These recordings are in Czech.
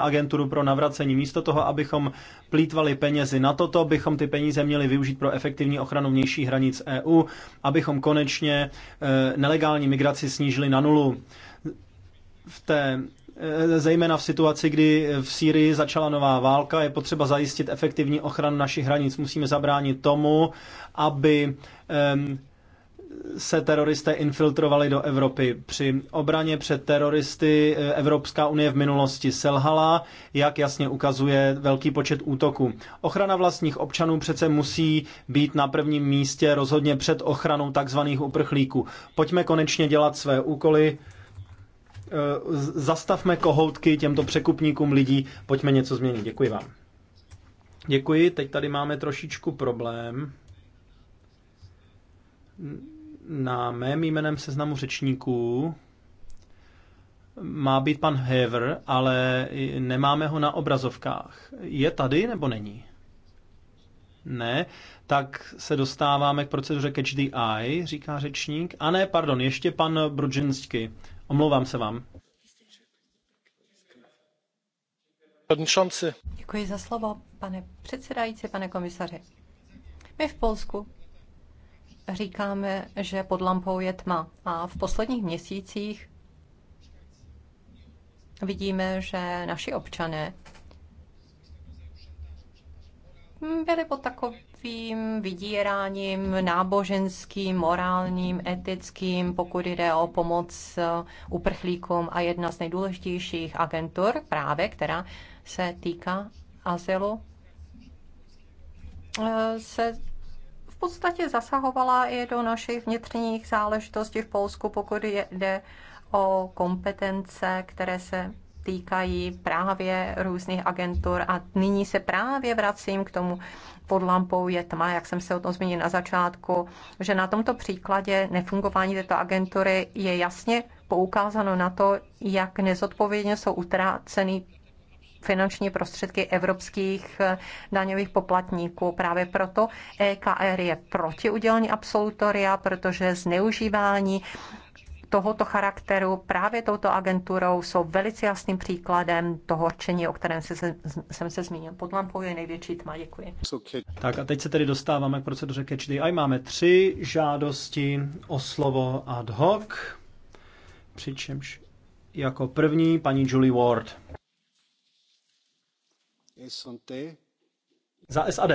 agenturu pro navracení. Místo toho, abychom plítvali penězi na toto, bychom ty peníze měli využít pro efektivní ochranu vnějších hranic EU, abychom konečně eh, nelegální migraci snížili na nulu. V té eh, zejména v situaci, kdy v Sýrii začala nová válka, je potřeba zajistit efektivní ochranu našich hranic. Musíme zabránit tomu, aby se teroristé infiltrovali do Evropy. Při obraně před teroristy eh, Evropská unie v minulosti selhala, jak jasně ukazuje velký počet útoků. Ochrana vlastních občanů přece musí být na prvním místě rozhodně před ochranou takzvaných uprchlíků. Pojďme konečně dělat své úkoly. Eh, zastavme kohoutky těmto překupníkům lidí. Pojďme něco změnit. Děkuji vám. Děkuji. Teď tady máme trošičku problém na mém jménem seznamu řečníků má být pan Hever, ale nemáme ho na obrazovkách. Je tady nebo není? Ne, tak se dostáváme k proceduře Catch the Eye, říká řečník. A ne, pardon, ještě pan Brudžinsky. Omlouvám se vám. Děkuji za slovo, pane předsedající, pane komisaři. My v Polsku říkáme, že pod lampou je tma. A v posledních měsících vidíme, že naši občané byli pod takovým vydíráním náboženským, morálním, etickým, pokud jde o pomoc eh, uprchlíkům a jedna z nejdůležitějších agentur právě, která se týká azylu, eh, se podstatě zasahovala i do našich vnitřních záležitostí v Polsku, pokud jde o kompetence, které se týkají právě různých agentur a nyní se právě vracím k tomu, pod lampou je tma, jak jsem se o tom zmínil na začátku, že na tomto příkladě nefungování této agentury je jasně poukázáno na to, jak nezodpovědně jsou utráceny finanční prostředky evropských eh, daňových poplatníků. Právě proto EKR je proti udělení absolutoria, protože zneužívání tohoto charakteru právě touto agenturou jsou velice jasným příkladem toho horčení, o kterém se, se, jsem se zmínil. Pod lampou je největší tma, děkuji. Tak a teď se tedy dostáváme k proceduře Catch the Eye. Máme tři žádosti o slovo ad hoc, přičemž jako první paní Julie Ward. Za SAD.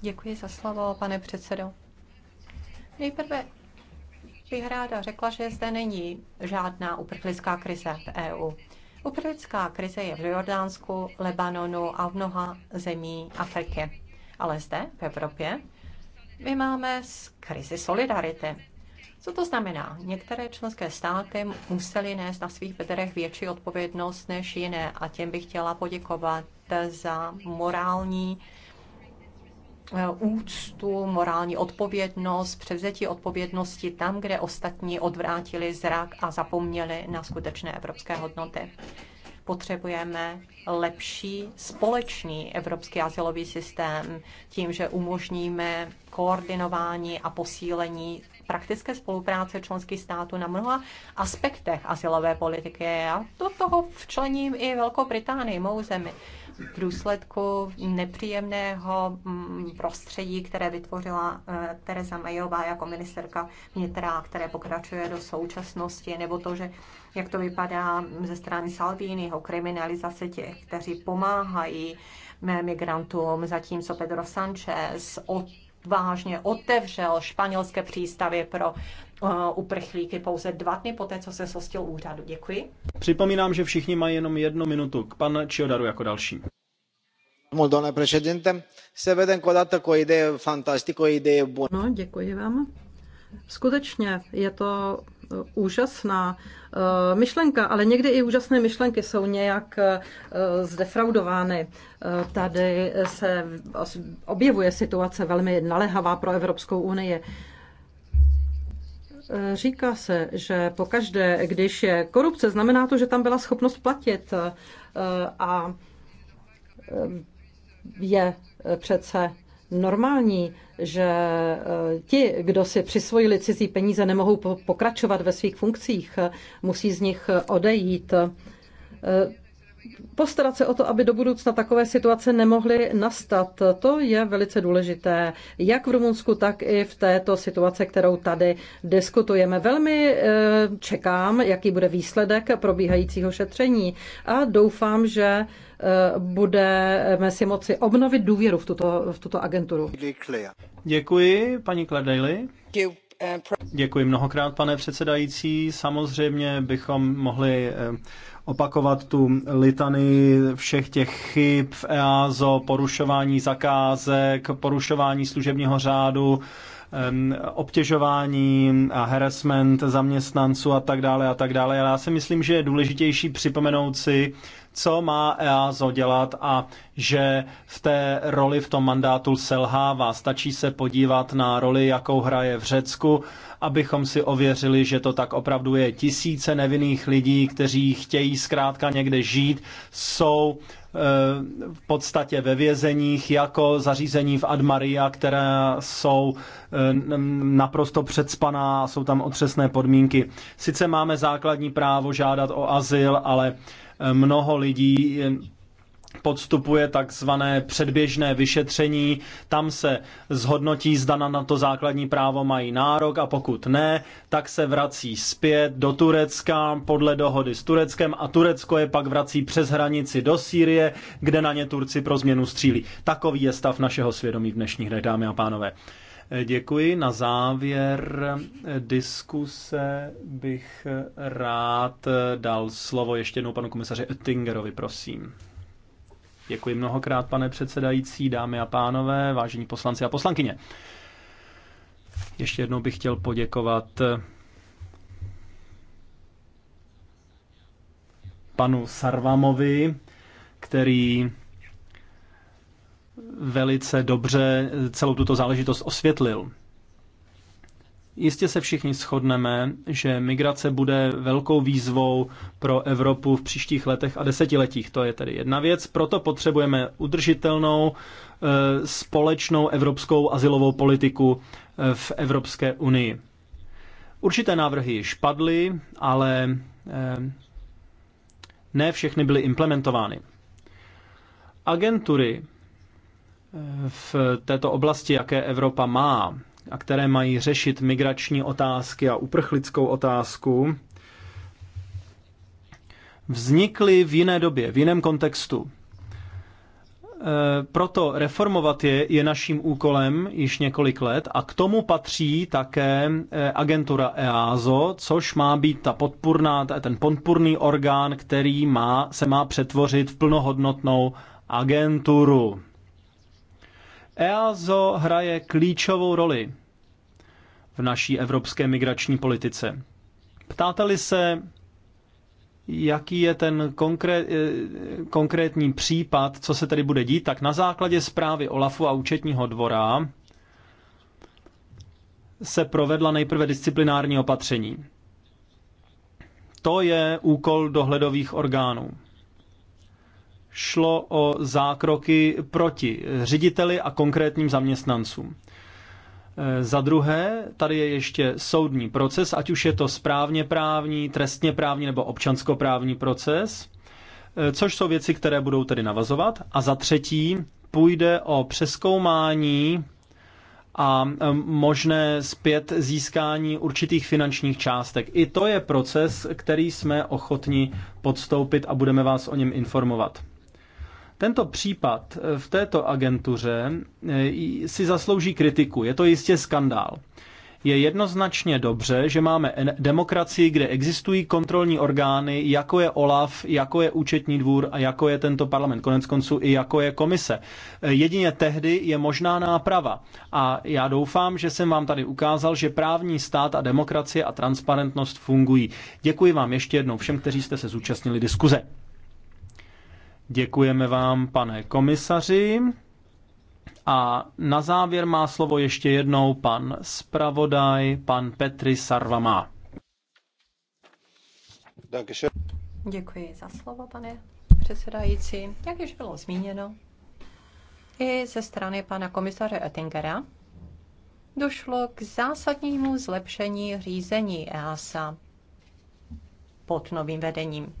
Děkuji za slovo, pane předsedo. Nejprve bych ráda řekla, že zde není žádná uprchlická krize v EU. Uprchlická krize je v Jordánsku, Lebanonu a v mnoha zemí Afriky. Ale zde, v Evropě, my máme krizi solidarity. Co to znamená? Některé členské státy museli nést na svých bederech větší odpovědnost než jiné a těm bych chtěla poděkovat za morální eh, úctu, morální odpovědnost, převzetí odpovědnosti tam, kde ostatní odvrátili zrak a zapomněli na skutečné evropské hodnoty. Potřebujeme lepší společný evropský asilový systém tím, že umožníme koordinování a posílení praktické spolupráce členských států na mnoha aspektech asilové politiky. A do toho včlením i Velkou Británii, mou zemi v důsledku nepříjemného mm, prostředí, které vytvořila eh, Teresa Mayová jako ministerka vnitra, které pokračuje do současnosti, nebo to, že jak to vypadá ze strany Salviniho, kriminalizace těch, kteří pomáhají eh, migrantům, zatímco Pedro Sanchez od vážně otevřel španělské přístavy pro uh, uprchlíky pouze dva dny poté, co se sostil úřadu. Děkuji. Připomínám, že všichni mají jenom jednu minutu. K pan Čiodaru jako další. Mult, domnule se vede încă o dată cu o idee idee No, děkuji vám. Skutečně je to Eh, úžasná eh, myšlenka, ale někdy i úžasné myšlenky jsou nějak eh, zdefraudovány. Tady se objevuje situace velmi naléhavá pro Evropskou unii. Říká se, že pokaždé, když je korupce, znamená to, že tam byla schopnost platit a je přece normální, že eh, ti, kdo si přisvojili cizí peníze, nemohou pokračovat ve svých funkcích, musí z nich eh, odejít. Eh, postarat se o to, aby do budoucna takové situace nemohly nastat. To je velice důležité, jak v Rumunsku, tak i v této situaci, kterou tady diskutujeme. Velmi eh, čekám, jaký bude výsledek probíhajícího šetření a doufám, že eh, budeme si moci obnovit důvěru v tuto, v tuto agenturu. Děkuji, paní Kledejli. Děkuji mnohokrát, pane předsedající. Samozřejmě bychom mohli eh, opakovat tu litany všech těch chyb v EASO, porušování zakázek, porušování služebního řádu, obtěžování a harassment zaměstnanců a tak dále a tak dále. Ale já si myslím, že je důležitější připomenout si, co má EASO dělat a že v té roli v tom mandátu selhává. Stačí se podívat na roli, jakou hraje v Řecku, abychom si ověřili, že to tak opravdu je. Tisíce nevinných lidí, kteří chtějí zkrátka někde žít, jsou eh, v podstatě ve vězeních jako zařízení v Admaria, která jsou eh, naprosto předspaná a jsou tam otřesné podmínky. Sice máme základní právo žádat o azyl, ale Mnoho lidí podstupuje takzvané předběžné vyšetření, tam se zhodnotí, zda na to základní právo mají nárok a pokud ne, tak se vrací zpět do Turecka podle dohody s Tureckem a Turecko je pak vrací přes hranici do Sýrie, kde na ně Turci pro změnu střílí. Takový je stav našeho svědomí v dnešních dnech, dámy a pánové. Děkuji. Na závěr diskuse bych rád dal slovo ještě jednou panu komisaři Oettingerovi, prosím. Děkuji mnohokrát, pane předsedající, dámy a pánové, vážení poslanci a poslankyně. Ještě jednou bych chtěl poděkovat panu Sarvamovi, který velice dobře celou tuto záležitost osvětlil. Jistě se všichni shodneme, že migrace bude velkou výzvou pro Evropu v příštích letech a desetiletích. To je tedy jedna věc. Proto potřebujeme udržitelnou eh, společnou evropskou asilovou politiku eh, v Evropské unii. Určité návrhy již padly, ale eh, ne všechny byly implementovány. Agentury v této oblasti, jaké Evropa má a které mají řešit migrační otázky a uprchlickou otázku, vznikly v jiné době, v jiném kontextu. E, proto reformovat je je naším úkolem již několik let a k tomu patří také e, agentura EASO, což má být ta podpůrná, ten podpůrný orgán, který má, se má přetvořit v plnohodnotnou agenturu. EASO hraje klíčovou roli v naší evropské migrační politice. Ptáte-li se, jaký je ten konkrét, eh, konkrétní případ, co se tedy bude dít, tak na základě zprávy OLAFu a účetního dvora se provedla nejprve disciplinární opatření. To je úkol dohledových orgánů šlo o zákroky proti řediteli a konkrétním zaměstnancům. E, za druhé, tady je ještě soudní proces, ať už je to správně právní, trestně právní nebo občanskoprávní proces, e, což jsou věci, které budou tedy navazovat. A za třetí, půjde o přeskoumání a e, možné zpět získání určitých finančních částek. I to je proces, který jsme ochotni podstoupit a budeme vás o něm informovat. Tento případ eh, v této agentuře eh, si zaslouží kritiku. Je to jistě skandál. Je jednoznačně dobře, že máme demokracii, kde existují kontrolní orgány, jako je OLAF, jako je účetní dvůr a jako je tento parlament, konec konců i jako je komise. Eh, jedině tehdy je možná náprava. A já doufám, že jsem vám tady ukázal, že právní stát a demokracie a transparentnost fungují. Děkuji vám ještě jednou všem, kteří jste se zúčastnili diskuze. Děkujeme vám, pane komisaři. A na závěr má slovo ještě jednou pan zpravodaj, pan Petri Sarvama. Děkuji za slovo, pane předsedající. Jak již bylo zmíněno, i ze strany pana komisaře Oettingera došlo k zásadnímu zlepšení řízení EASA pod novým vedením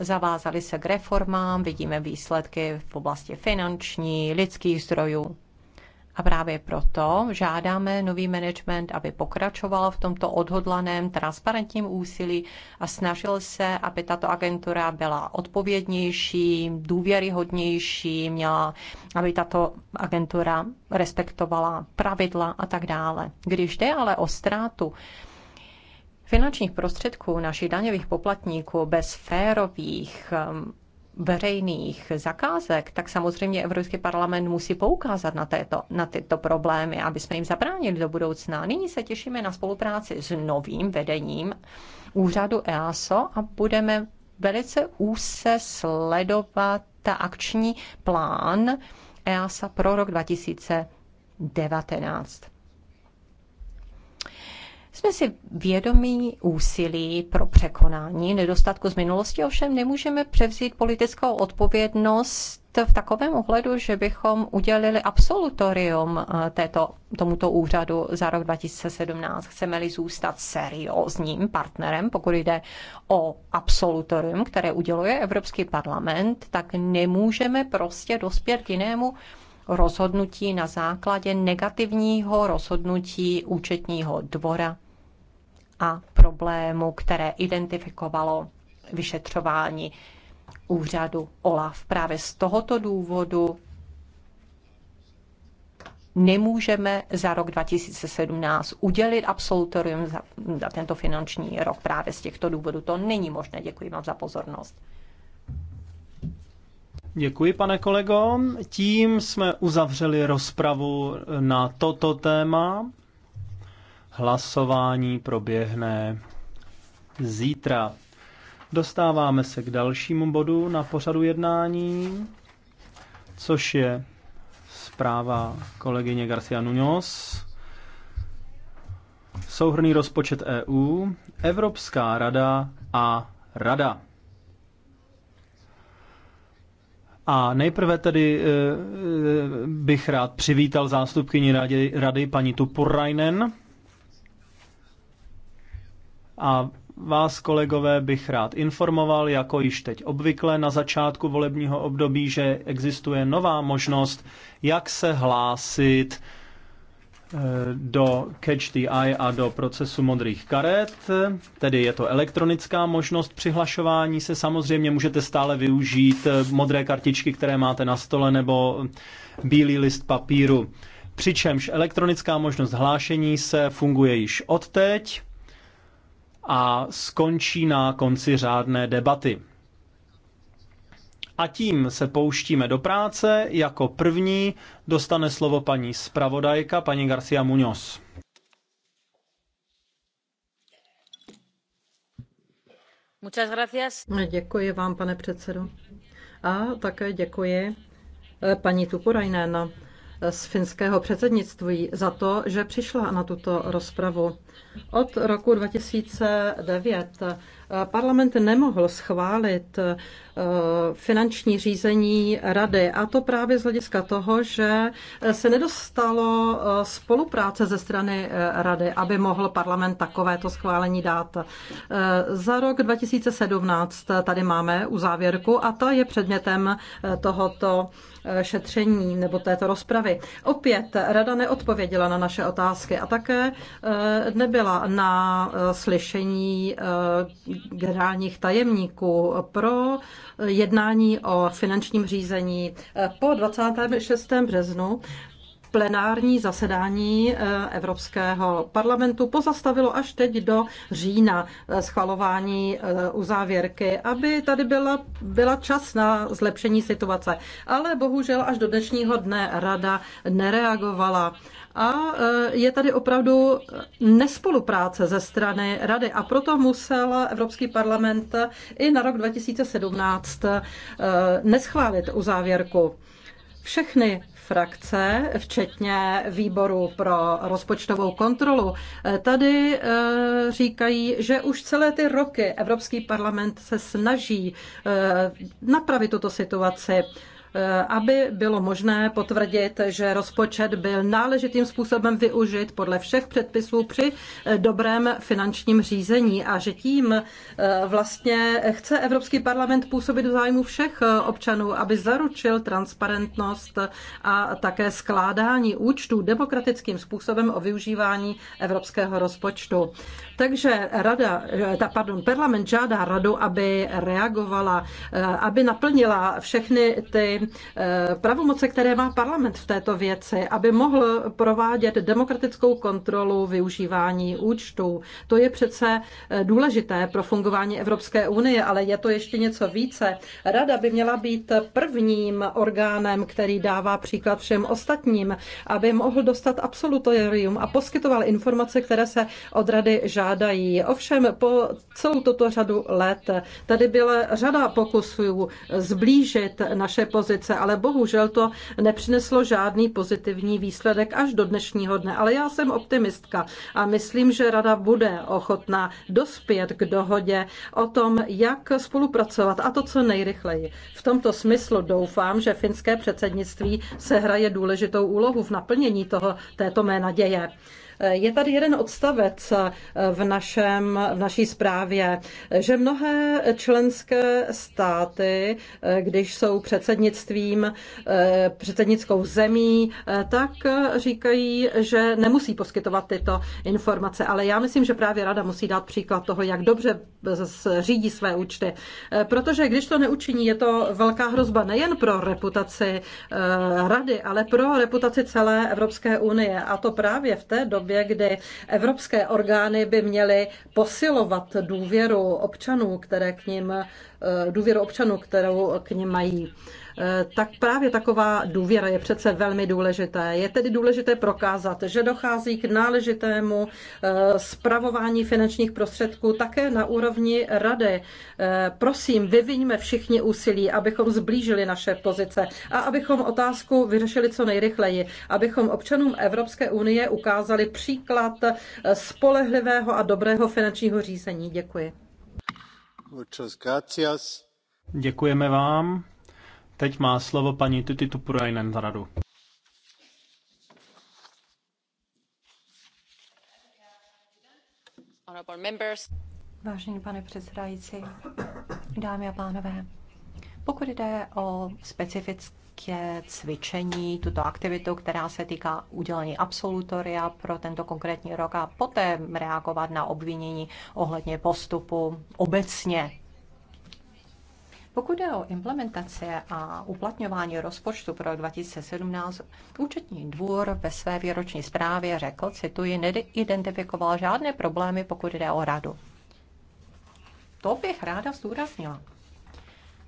zavázali se k reformám, vidíme výsledky v oblasti finanční, lidských zdrojů. A právě proto žádáme nový management, aby pokračoval v tomto odhodlaném, transparentním úsilí a snažil se, aby tato agentura byla odpovědnější, důvěryhodnější, měla, aby tato agentura respektovala pravidla a tak dále. Když jde ale o ztrátu, finančních prostředků našich daňových poplatníků bez férových um, veřejných zakázek, tak samozřejmě Evropský parlament musí poukázat na, této, na tyto problémy, aby jsme jim zabránili do budoucna. Nyní se těšíme na spolupráci s novým vedením úřadu EASO a budeme velice úse sledovat ta akční plán EASA pro rok 2019. Jsme si vědomí úsilí pro překonání nedostatku z minulosti, ovšem nemůžeme převzít politickou odpovědnost v takovém ohledu, že bychom udělili absolutorium eh, této, tomuto úřadu za rok 2017. Chceme-li zůstat seriózním partnerem, pokud jde o absolutorium, které uděluje Evropský parlament, tak nemůžeme prostě dospět k jinému rozhodnutí na základě negativního rozhodnutí účetního dvora a problému, které identifikovalo vyšetřování úřadu OLAF. Právě z tohoto důvodu nemůžeme za rok 2017 udělit absolutorium za, za tento finanční rok. Právě z těchto důvodů to není možné. Děkuji vám za pozornost. Děkuji, pane kolego. Tím jsme uzavřeli rozpravu na toto téma. Hlasování proběhne zítra. Dostáváme se k dalšímu bodu na pořadu jednání, což je zpráva kolegyně Garcia Nuñoz. Souhrný rozpočet EU, Evropská rada a Rada. A nejprve tedy eh, eh, bych rád přivítal zástupkyni rady, rady paní Tupurainen a Vás, kolegové, bych rád informoval, jako již teď obvykle na začátku volebního období, že existuje nová možnost, jak se hlásit eh, do Catch the Eye a do procesu modrých karet, tedy je to elektronická možnost přihlašování se. Samozřejmě můžete stále využít eh, modré kartičky, které máte na stole, nebo bílý list papíru. Přičemž elektronická možnost hlášení se funguje již od teď a skončí na konci řádné debaty. A tím se pouštíme do práce. Jako první dostane slovo paní zpravodajka, paní Garcia Muñoz. Děkuji vám, pane předsedo. A také děkuji eh, paní Tupurajnéna eh, z finského předsednictví za to, že přišla na tuto rozpravu. Od roku 2009 parlament nemohl schválit eh, finanční řízení rady a to právě z hlediska toho, že eh, se nedostalo eh, spolupráce ze strany rady, aby mohl parlament takovéto schválení dát. Za rok 2017 tady máme u závěrku a ta je předmětem tohoto šetření nebo této rozpravy. Opět rada neodpověděla na naše otázky a také dnes nebyla na eh, slyšení eh, generálních tajemníků pro jednání o finančním řízení. Eh, po 26. březnu plenární zasedání Evropského parlamentu pozastavilo až teď do října schvalování uzávěrky, aby tady byla, byla čas na zlepšení situace. Ale bohužel až do dnešního dne rada nereagovala a e, je tady opravdu nespolupráce ze strany Rady a proto musel Evropský parlament i na rok 2017 e, neschválit uzávěrku. Všechny frakce, včetně výboru pro rozpočtovou kontrolu, e, tady říkají, že už celé ty roky Evropský parlament se snaží napravit tuto situaci. Eh, aby bylo možné potvrdit, že rozpočet byl náležitým způsobem využit podle všech předpisů při eh, dobrém finančním řízení a že tím eh, vlastně chce Evropský parlament působit v zájmu všech občanů, aby zaručil transparentnost a také skládání účtů demokratickým způsobem o využívání evropského rozpočtu. Takže rada, ta, pardon, parlament žádá radu, aby reagovala, aby naplnila všechny ty Eh, pravomoce, které má parlament v této věci, aby mohl provádět demokratickou kontrolu využívání účtů. To je přece eh, důležité pro fungování Evropské unie, ale je to ještě něco více. Rada by měla být prvním orgánem, který dává příklad všem ostatním, aby mohl dostat absolutorium a poskytoval informace, které se od rady žádají. Ovšem po celou toto řadu let tady byla řada pokusů zblížit naše pozice opozice, ale bohužel to nepřineslo žádný pozitivní výsledek až do dnešního dne. Ale já jsem optimistka a myslím, že Rada bude ochotná dospět k dohodě o tom, jak spolupracovat a to co nejrychleji. V tomto smyslu doufám, že finské předsednictví se hraje důležitou úlohu v naplnění toho, této mé naděje. Je tady jeden odstavec eh, v, našem, v naší zprávě, že mnohé členské státy, eh, když jsou předsednictvím, eh, předsednickou zemí, tak říkají, že nemusí poskytovat tyto informace. Ale já myslím, že právě Rada musí dát příklad toho, jak dobře řídí své účty. Protože když to neučiní, je to velká hrozba nejen pro reputaci Rady, ale pro reputaci celé Evropské unie. A to právě v té době, době, kdy evropské orgány by měly posilovat důvěru občanů, které k ním, eh, důvěru občanů, kterou k ním mají. Eh, tak právě taková důvěra je přece velmi důležité. Je tedy důležité prokázat, že dochází k náležitému eh, spravování finančních prostředků také na úrovni rady. Eh, prosím, vyviňme všichni úsilí, abychom zblížili naše pozice a abychom otázku vyřešili co nejrychleji, abychom občanům Evropské unie ukázali příklad spolehlivého a dobrého finančního řízení. Děkuji. Děkujeme vám. Teď má slovo paní Titi Tupurainen za radu. Vážený pane předsedající, dámy a pánové, pokud jde o specifické cvičení, tuto aktivitu, která se týká udělení absolutoria pro tento konkrétní rok a poté reagovat na obvinění ohledně postupu obecně pokud je o implementaci a uplatňování rozpočtu pro 2017, účetní dvůr ve své výroční zprávě řekl, cituji, neidentifikoval žádné problémy, pokud jde o radu. To bych ráda zdůraznila.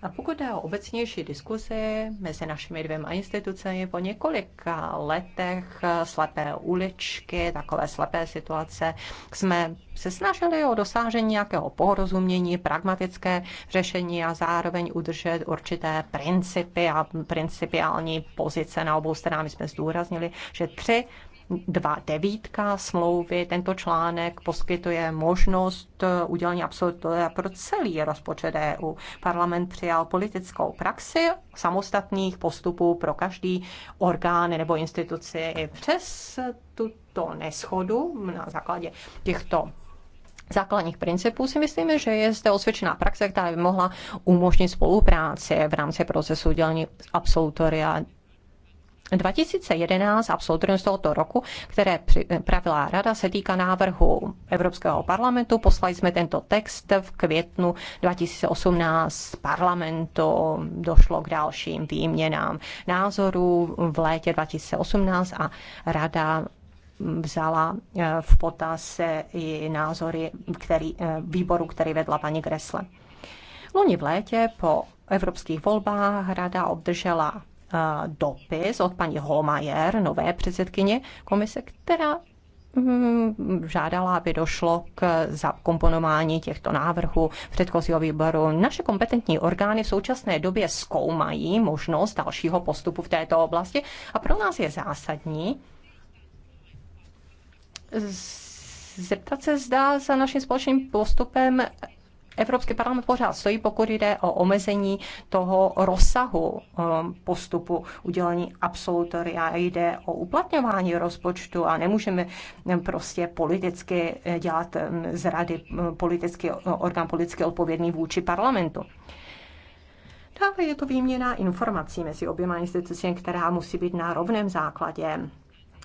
A pokud jde o obecnější diskuzi mezi našimi dvěma institucemi po několika letech eh, slepé uličky, takové slepé situace, jsme se snažili o dosážení nějakého porozumění, pragmatické řešení a zároveň udržet určité principy a principiální pozice na obou stranách. My jsme zdůraznili, že tři 2.9 smlouvy tento článek poskytuje možnost eh, udělení absolutoria pro celý rozpočet EU. Parlament přijal politickou praxi samostatných postupů pro každý orgán nebo instituci i přes tuto neschodu na základě těchto základních principů si myslíme, že je zde osvědčená praxe, která by mohla umožnit spolupráci v rámci procesu udělení absolutoria 2011 absolutorium z tohoto roku, které připravila rada, se týká návrhu Evropského parlamentu. Poslali jsme tento text v květnu 2018 parlamentu. Došlo k dalším výměnám názorů v létě 2018 a rada vzala eh, v potaz i názory který, eh, výboru, který vedla paní Gresle. Loni v létě po evropských volbách rada obdržela dopis od paní Holmajer, nové předsedkyně komise, která mm, žádala, aby došlo k zakomponování těchto návrhů předchozího výboru. Naše kompetentní orgány v současné době zkoumají možnost dalšího postupu v této oblasti a pro nás je zásadní zeptat se, zda za naším společným postupem Evropský parlament pořád stojí, pokud jde o omezení toho rozsahu um, postupu udělení absolutoria. Jde o uplatňování rozpočtu a nemůžeme um, prostě politicky eh, dělat um, z rady politický orgán politicky odpovědný vůči parlamentu. Dále je to výměna informací mezi oběma institucemi, která musí být na rovném základě.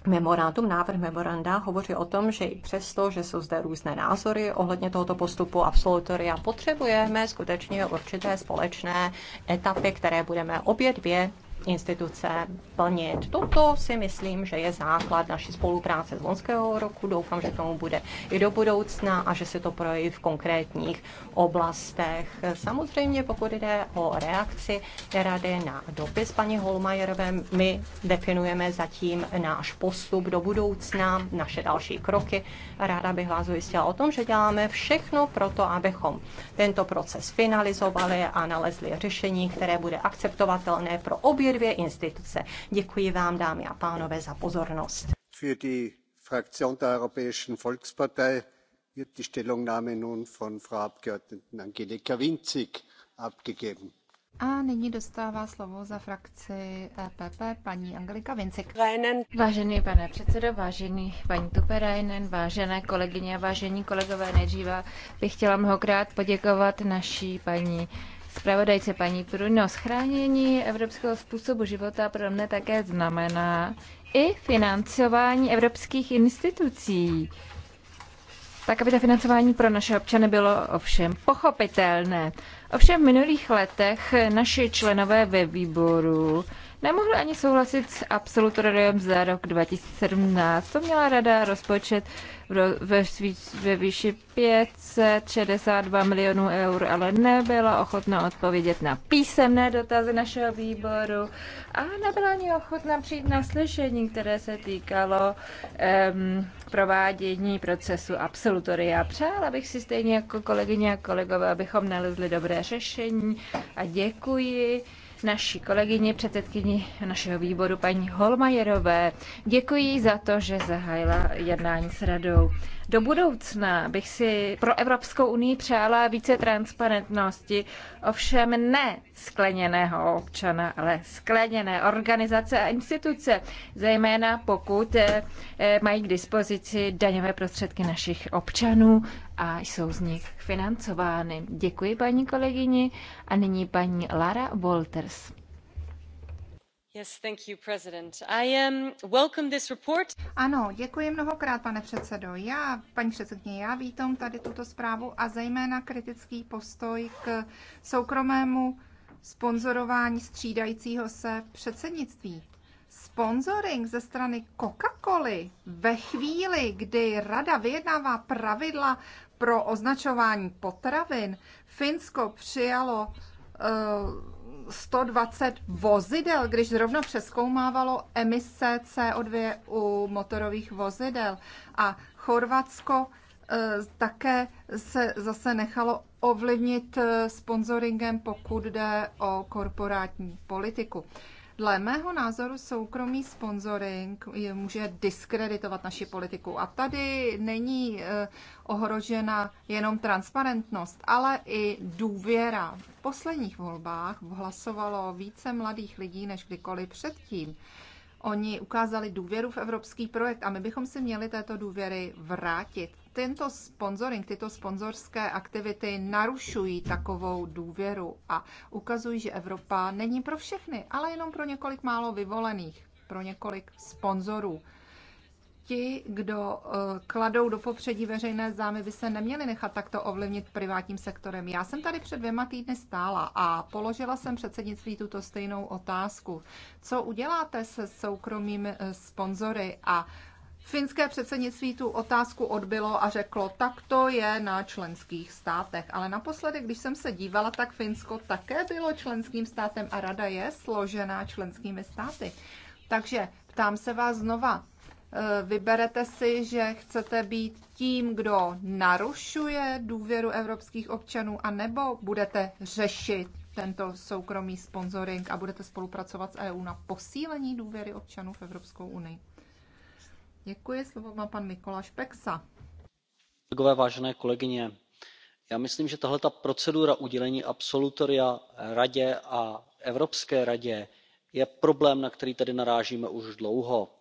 Memorandum, návrh memoranda hovoří o tom, že i přesto, že jsou zde různé názory ohledně tohoto postupu absolutoria, potřebujeme skutečně určité společné etapy, které budeme obě dvě instituce plnit. Toto si myslím, že je základ naší spolupráce z loňského roku. Doufám, že tomu bude i do budoucna a že se to projeví v konkrétních oblastech. Samozřejmě, pokud jde o reakci rady na dopis paní Holmajerové, my definujeme zatím náš postup do budoucna, naše další kroky. Ráda bych vás ujistila o tom, že děláme všechno pro to, abychom tento proces finalizovali a nalezli řešení, které bude akceptovatelné pro obě dvě instituce. Děkuji vám, dámy a pánové, za pozornost. Für die Fraktion der Europäischen Volkspartei wird die Stellungnahme nun von Frau Abgeordneten Angelika Winzig abgegeben. A nyní dostává slovo za frakci EPP paní Angelika Vincik. Vážený pane předsedo, vážený paní Tuperajnen, vážené kolegyně a vážení kolegové, nejdříve bych chtěla mnohokrát poděkovat naší paní zpravodajce paní Pruno. Schránění evropského způsobu života pro mne také znamená i financování evropských institucí. Tak, aby to financování pro naše občany bylo ovšem pochopitelné. Ovšem v minulých letech naši členové ve výboru nemohli ani souhlasit s absolutoriem za rok 2017. To měla rada rozpočet ve, ve výši 562 milionů eur, ale nebyla ochotna odpovědět na písemné dotazy našeho výboru a nebyla ani ochotna přijít na slyšení, které se týkalo um, provádění procesu absolutoria. Přála bych si stejně jako kolegyně a kolegové, abychom nalezli dobré řešení a děkuji naší kolegyni, předsedkyni našeho výboru, paní Holmajerové. Děkuji za to, že zahájila jednání s radou. Do budoucna bych si pro Evropskou unii přála více transparentnosti, ovšem ne skleněného občana, ale skleněné organizace a instituce, zejména pokud eh, mají k dispozici daňové prostředky našich občanů a jsou z nich financovány. Děkuji paní kolegyni a nyní paní Lara Wolters. Um, ano, děkuji mnohokrát, pane předsedo. Já, paní předsedkyně, já vítám tady tuto zprávu a zejména kritický postoj k soukromému sponzorování střídajícího se předsednictví. sponzoring ze strany Coca-Coly ve chvíli, kdy rada vyjednává pravidla pro označování potravin, Finsko přijalo uh, 120 vozidel, když zrovna přeskoumávalo emise CO2 u motorových vozidel. A Chorvatsko eh, také se zase nechalo ovlivnit eh, sponsoringem, pokud jde o korporátní politiku. Dle mého názoru soukromý sponsoring může diskreditovat naši politiku. A tady není eh, ohrožena jenom transparentnost, ale i důvěra. V posledních volbách hlasovalo více mladých lidí než kdykoliv předtím. Oni ukázali důvěru v evropský projekt a my bychom si měli této důvěry vrátit. Tento sponsoring, tyto sponzorské aktivity narušují takovou důvěru a ukazují, že Evropa není pro všechny, ale jenom pro několik málo vyvolených, pro několik sponzorů ti, kdo eh, kladou do popředí veřejné zájmy, by se neměli nechat takto ovlivnit privátním sektorem. Já jsem tady před dvěma týdny stála a položila jsem předsednictví tuto stejnou otázku. Co uděláte se soukromými eh, sponzory a Finské předsednictví tu otázku odbylo a řeklo, tak to je na členských státech. Ale naposledy, když jsem se dívala, tak Finsko také bylo členským státem a rada je složená členskými státy. Takže ptám se vás znova, Eh, vyberete si, že chcete být tím, kdo narušuje důvěru evropských občanů, anebo budete řešit tento soukromý sponsoring a budete spolupracovat s EU na posílení důvěry občanů v Evropskou unii. Děkuji, slovo má pan Mikoláš Peksa. Kolegové, vážené kolegyně, já myslím, že tahle procedura udělení absolutoria Radě a Evropské radě je problém, na který tady narážíme už dlouho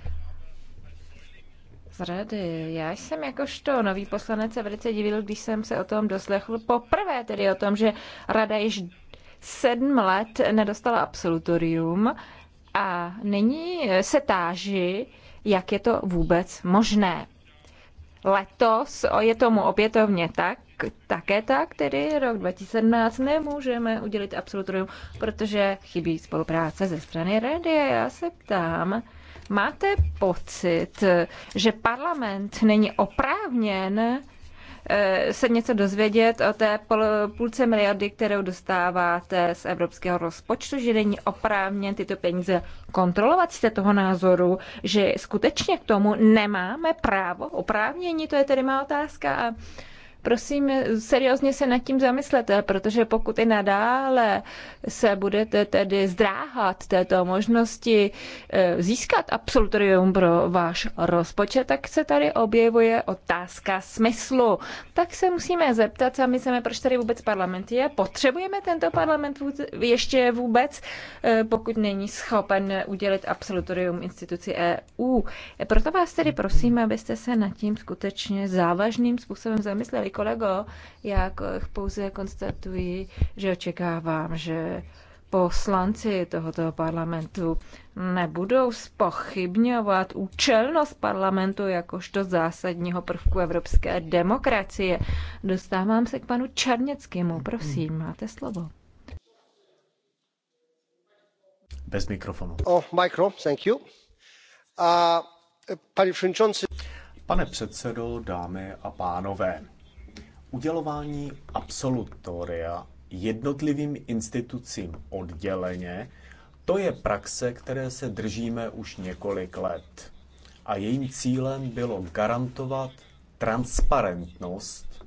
z rady. Já jsem jakožto nový poslanec se velice divil, když jsem se o tom doslechl poprvé, tedy o tom, že rada již sedm let nedostala absolutorium a nyní se táži, jak je to vůbec možné. Letos je tomu opětovně tak, také tak, tedy rok 2017 nemůžeme udělit absolutorium, protože chybí spolupráce ze strany Rady. Já se ptám, Máte pocit, že parlament není oprávněn eh, se něco dozvědět o té půlce miliardy, kterou dostáváte z evropského rozpočtu, že není oprávněn tyto peníze kontrolovat. Jste toho názoru, že skutečně k tomu nemáme právo, oprávnění, to je tedy má otázka. A Prosím, seriózně se nad tím zamyslete, protože pokud i nadále se budete tedy zdráhat této možnosti eh, získat absolutorium pro váš rozpočet, tak se tady objevuje otázka smyslu. Tak se musíme zeptat sami sebe, proč tady vůbec parlament je. Potřebujeme tento parlament ještě vůbec, eh, pokud není schopen udělit absolutorium instituci EU. Proto vás tedy prosím, abyste se nad tím skutečně závažným způsobem zamysleli kolego, já eh, pouze konstatuji, že očekávám, že poslanci tohoto parlamentu nebudou spochybňovat účelnost parlamentu jakožto zásadního prvku evropské demokracie. Dostávám se k panu Černěckému. Prosím, máte slovo. Bez mikrofonu. Oh, micro, thank you. Uh, Pane předsedo, dámy a pánové, udělování absolutoria jednotlivým institucím odděleně, to je praxe, které se držíme už několik let. A jejím cílem bylo garantovat transparentnost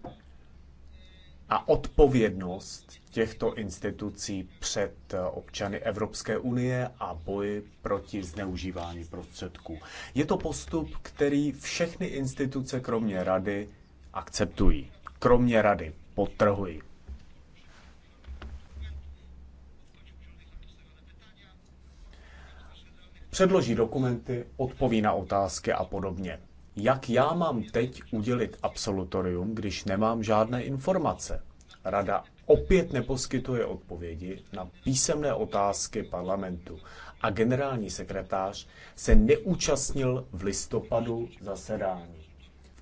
a odpovědnost těchto institucí před eh, občany Evropské unie a boji proti zneužívání prostředků. Je to postup, který všechny instituce, kromě Rady, akceptují kromě rady, potrhuji. Předloží dokumenty, odpoví na otázky a podobně. Jak já mám teď udělit absolutorium, když nemám žádné informace? Rada opět neposkytuje odpovědi na písemné otázky parlamentu a generální sekretář se neúčastnil v listopadu zasedání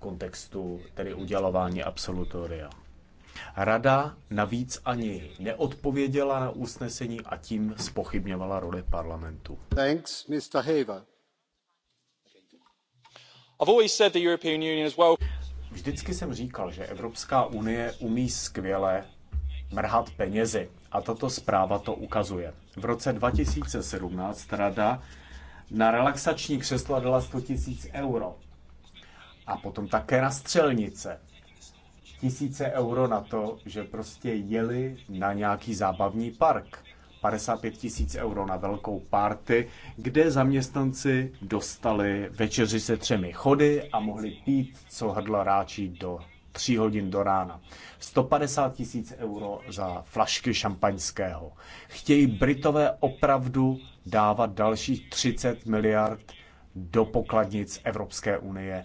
kontextu tedy udělování absolutoria. Rada navíc ani neodpověděla na usnesení a tím spochybňovala roli parlamentu. Thanks, Mr. Haver. Vždycky jsem říkal, že Evropská unie umí skvěle mrhat penězi a tato zpráva to ukazuje. V roce 2017 rada na relaxační křeslo dala 100 000 euro a potom také na střelnice. Tisíce euro na to, že prostě jeli na nějaký zábavní park. 55 tisíc euro na velkou party, kde zaměstnanci dostali večeři se třemi chody a mohli pít, co hrdla ráčí do 3 hodin do rána. 150 tisíc euro za flašky šampaňského. Chtějí Britové opravdu dávat dalších 30 miliard do pokladnic Evropské unie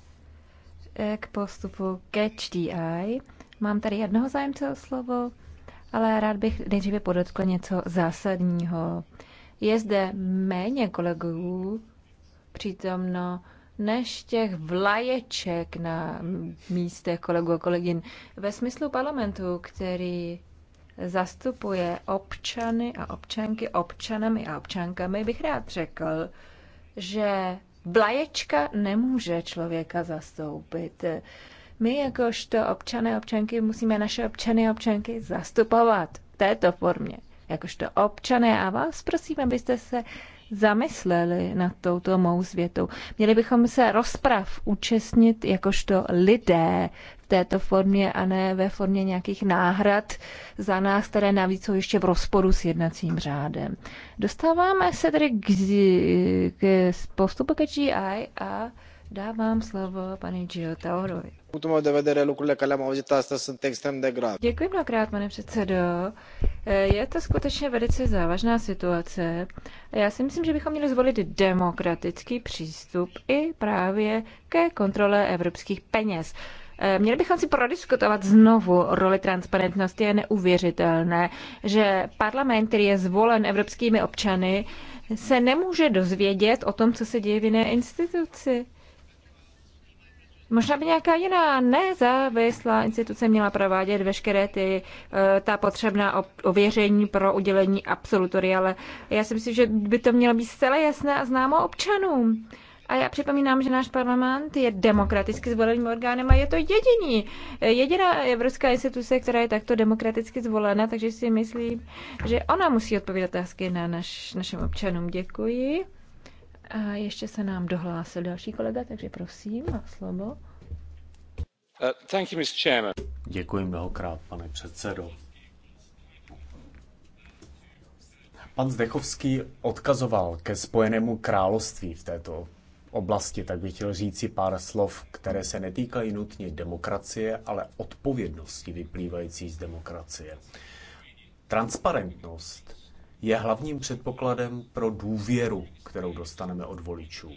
Eh, k postupu Catch the Eye. Mám tady jednoho zájemce o slovo, ale rád bych nejdříve podotkl něco zásadního. Je zde méně kolegů přítomno než těch vlaječek na místech kolegů a kolegin ve smyslu parlamentu, který zastupuje občany a občanky občanami a občankami, bych rád řekl, že vlaječka nemůže člověka zastoupit. My jakožto občané občanky musíme naše občany občanky zastupovat v této formě jakožto občané a vás prosím, abyste se zamysleli nad touto mou zvětou. Měli bychom se rozprav účastnit jakožto lidé v této formě a ne ve formě nějakých náhrad za nás, které navíc jsou ještě v rozporu s jednacím řádem. Dostáváme se tedy k, k postupu ke GI a dávám slovo paní Gio Taurovi. Punctul meu de vedere, lucrurile care le-am auzit astăzi sunt extrem de grave. Děkuji mnohokrát, pane předsedo. E, je to skutečně velice závažná situace. Já si myslím, že bychom měli zvolit demokratický přístup i právě ke kontrole evropských peněz. E, měli bychom si prodiskutovat znovu roli transparentnosti. Je neuvěřitelné, že parlament, který je zvolen evropskými občany, se nemůže dozvědět o tom, co se děje v jiné instituci. Možná by nějaká jiná nezávislá instituce měla provádět veškeré ty, eh, ta potřebná ověření pro udělení absolutory, ale já si myslím, že by to mělo být zcela jasné a známo občanům. A já připomínám, že náš parlament je demokraticky zvoleným orgánem a je to jediný, eh, jediná evropská instituce, která je takto demokraticky zvolena, takže si myslím, že ona musí odpovídat otázky na naš, našem občanům. Děkuji. A ještě se nám dohlásil další kolega, takže prosím, má slovo. Uh, Děkuji mnohokrát, pane předsedo. Pan Zdechovský odkazoval ke Spojenému království v této oblasti, tak bych chtěl říci pár slov, které se netýkají nutně demokracie, ale odpovědnosti vyplývající z demokracie. Transparentnost je hlavním předpokladem pro důvěru, kterou dostaneme od voličů.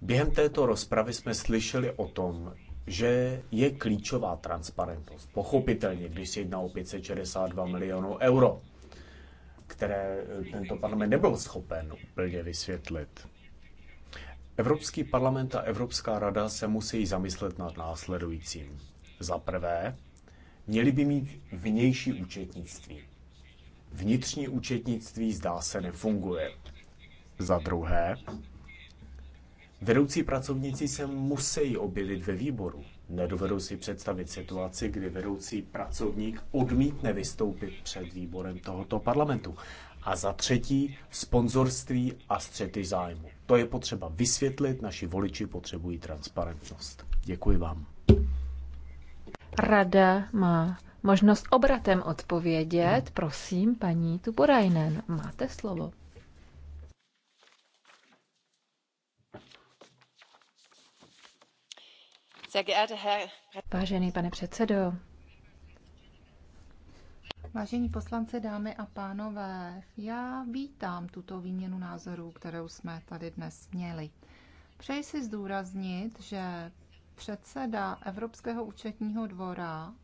Během této rozpravy jsme slyšeli o tom, že je klíčová transparentnost. Pochopitelně, když se jedná o 562 milionů euro, které eh, tento parlament nebyl schopen úplně vysvětlit. Evropský parlament a Evropská rada se musí zamyslet nad následujícím. Za prvé, měli by mít vnější účetnictví. Vnitřní účetnictví zdá se nefunguje. Za druhé, vedoucí pracovníci se musí objevit ve výboru. Nedovedou si představit situaci, kdy vedoucí pracovník odmítne vystoupit před výborem tohoto parlamentu. A za třetí, sponzorství a střety zájmu. To je potřeba vysvětlit, naši voliči potřebují transparentnost. Děkuji vám. Rada má možnost obratem odpovědět. Prosím, paní Tuporajnen, máte slovo. Vážený pane předsedo, Vážení poslanci, dámy a pánové, já vítám tuto výměnu názorů, kterou jsme tady dnes měli. Přeji si zdůraznit, že předseda Evropského účetního dvora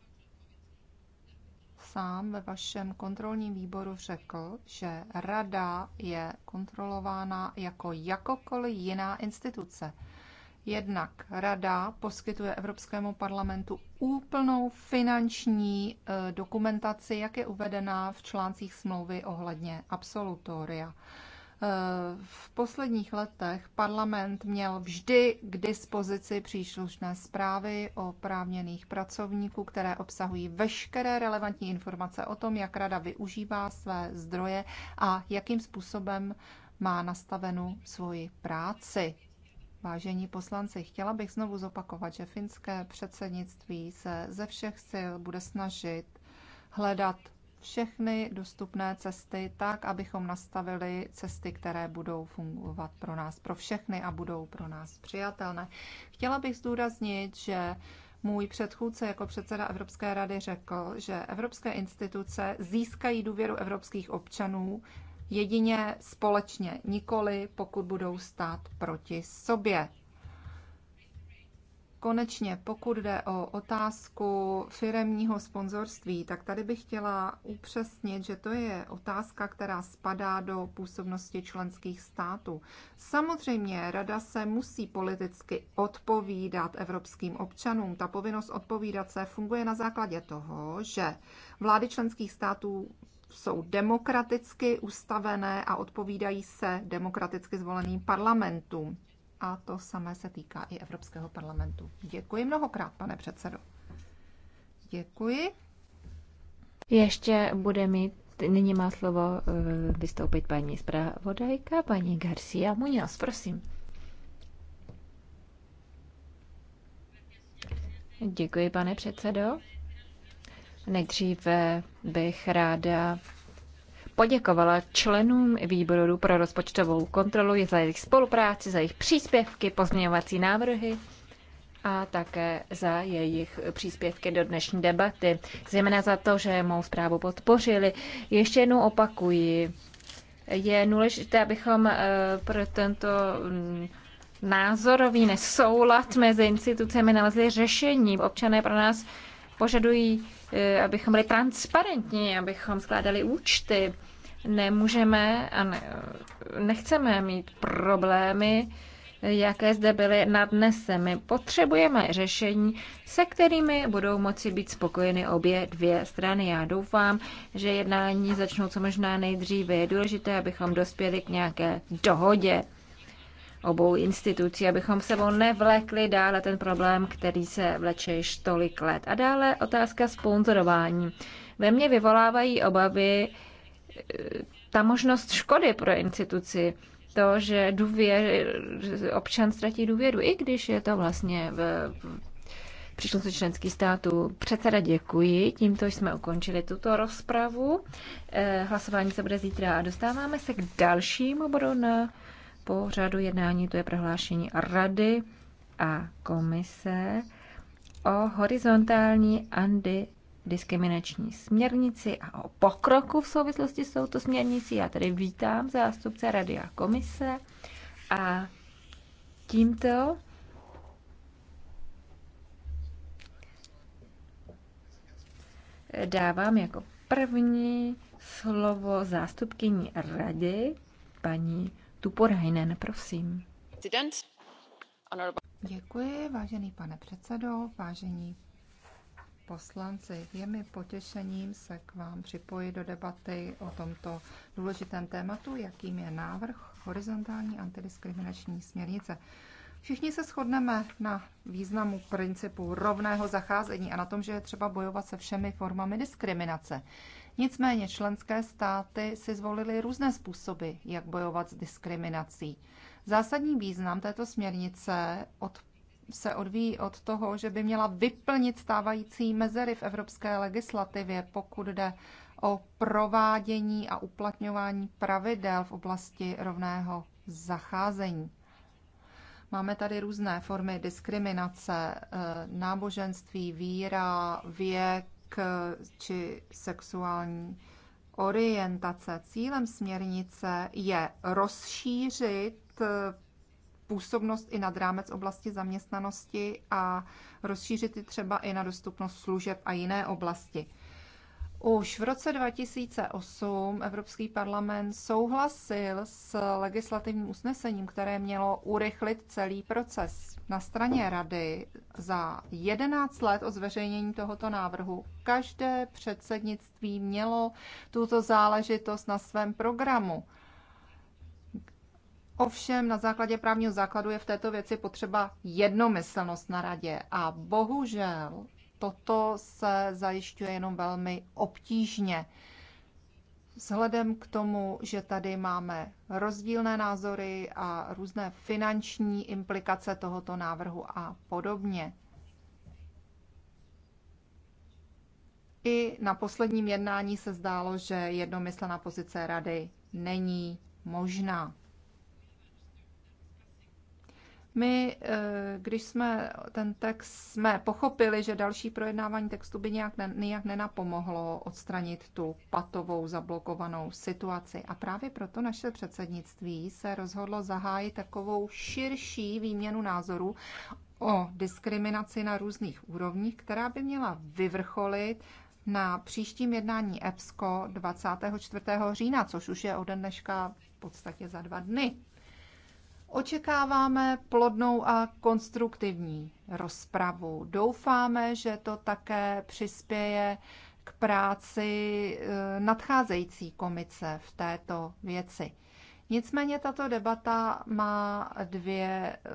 sám ve vašem kontrolním výboru řekl, že rada je kontrolována jako jakokoliv jiná instituce. Jednak rada poskytuje Evropskému parlamentu úplnou finanční e, dokumentaci, jak je uvedená v článcích smlouvy ohledně absolutoria. Eh, v posledních letech parlament měl vždy k dispozici příslušné zprávy o právněných pracovníků, které obsahují veškeré relevantní informace o tom, jak rada využívá své zdroje a jakým způsobem má nastavenu svoji práci. Vážení poslanci, chtěla bych znovu zopakovat, že finské předsednictví se ze všech sil bude snažit hledat všechny dostupné cesty tak, abychom nastavili cesty, které budou fungovat pro nás, pro všechny a budou pro nás přijatelné. Chtěla bych zdůraznit, že můj předchůdce jako předseda Evropské rady řekl, že evropské instituce získají důvěru evropských občanů jedině společně, nikoli pokud budou stát proti sobě. Konečně, pokud jde o otázku firemního sponzorství, tak tady bych chtěla upřesnit, že to je otázka, která spadá do působnosti členských států. Samozřejmě Rada se musí politicky odpovídat evropským občanům. Ta povinnost odpovídat se funguje na základě toho, že vlády členských států jsou demokraticky ustavené a odpovídají se demokraticky zvoleným parlamentům a to samé se týká i Evropského parlamentu. Děkuji mnohokrát, pane předsedo. Děkuji. Ještě bude mít, nyní má slovo eh, vystoupit paní zpravodajka, paní Garcia Muñoz, prosím. Děkuji, pane předsedo. Nejdříve bych ráda poděkovala členům výboru pro rozpočtovou kontrolu za jejich spolupráci, za jejich příspěvky, pozměňovací návrhy a také za jejich příspěvky do dnešní debaty, zejména za to, že mou zprávu podpořili. Ještě jednou opakuji, je důležité, abychom eh, pro tento mm, názorový nesoulad mezi institucemi nalezli řešení. Občané pro nás požadují, eh, abychom byli transparentní, abychom skládali účty nemůžeme a ne, nechceme mít problémy, jaké zde byly nadnese. My potřebujeme řešení, se kterými budou moci být spokojeny obě dvě strany. Já doufám, že jednání začnou co možná nejdříve. Je důležité, abychom dospěli k nějaké dohodě obou institucí, abychom sebou nevlekli dále ten problém, který se vleče již tolik let. A dále otázka sponzorování. Ve mně vyvolávají obavy, ta možnost škody pro instituci, to, že důvěr, občan ztratí důvěru, i když je to vlastně v se členský států. Předseda děkuji, tímto jsme ukončili tuto rozpravu. Eh, hlasování se bude zítra a dostáváme se k dalšímu bodu na pořadu jednání, to je prohlášení Rady a komise o horizontální andy diskriminační směrnici a o pokroku v souvislosti s touto směrnicí. Já tady vítám zástupce Rady a komise a tímto dávám jako první slovo zástupkyní rady, paní Tuporhajnen, prosím. Děkuji, vážený pane předsedo, vážení poslanci. Je mi potěšením se k vám připojit do debaty o tomto důležitém tématu, jakým je návrh horizontální antidiskriminační směrnice. Všichni se shodneme na významu principu rovného zacházení a na tom, že je třeba bojovat se všemi formami diskriminace. Nicméně členské státy si zvolily různé způsoby, jak bojovat s diskriminací. Zásadní význam této směrnice od se odvíjí od toho, že by měla vyplnit stávající mezery v evropské legislativě, pokud jde o provádění a uplatňování pravidel v oblasti rovného zacházení. Máme tady různé formy diskriminace, e, náboženství, víra, věk e, či sexuální orientace. Cílem směrnice je rozšířit e, působnost i nad rámec oblasti zaměstnanosti a rozšířit ji třeba i na dostupnost služeb a jiné oblasti. Už v roce 2008 Evropský parlament souhlasil s legislativním usnesením, které mělo urychlit celý proces. Na straně rady za 11 let od zveřejnění tohoto návrhu každé předsednictví mělo tuto záležitost na svém programu. Ovšem na základě právního základu je v této věci potřeba jednomyslnost na radě a bohužel toto se zajišťuje jenom velmi obtížně. Vzhledem k tomu, že tady máme rozdílné názory a různé finanční implikace tohoto návrhu a podobně. I na posledním jednání se zdálo, že jednomyslná pozice rady není možná. My, eh, když jsme ten text jsme pochopili, že další projednávání textu by nějak, ne, nějak nenapomohlo odstranit tu patovou zablokovanou situaci. A právě proto naše předsednictví se rozhodlo zahájit takovou širší výměnu názorů o diskriminaci na různých úrovních, která by měla vyvrcholit na příštím jednání EPSCO 24. října, což už je ode dneška v podstatě za dva dny. Očekáváme plodnou a konstruktivní rozpravu. Doufáme, že to také přispěje k práci eh, nadcházející komice v této věci. Nicméně tato debata má dvě, eh,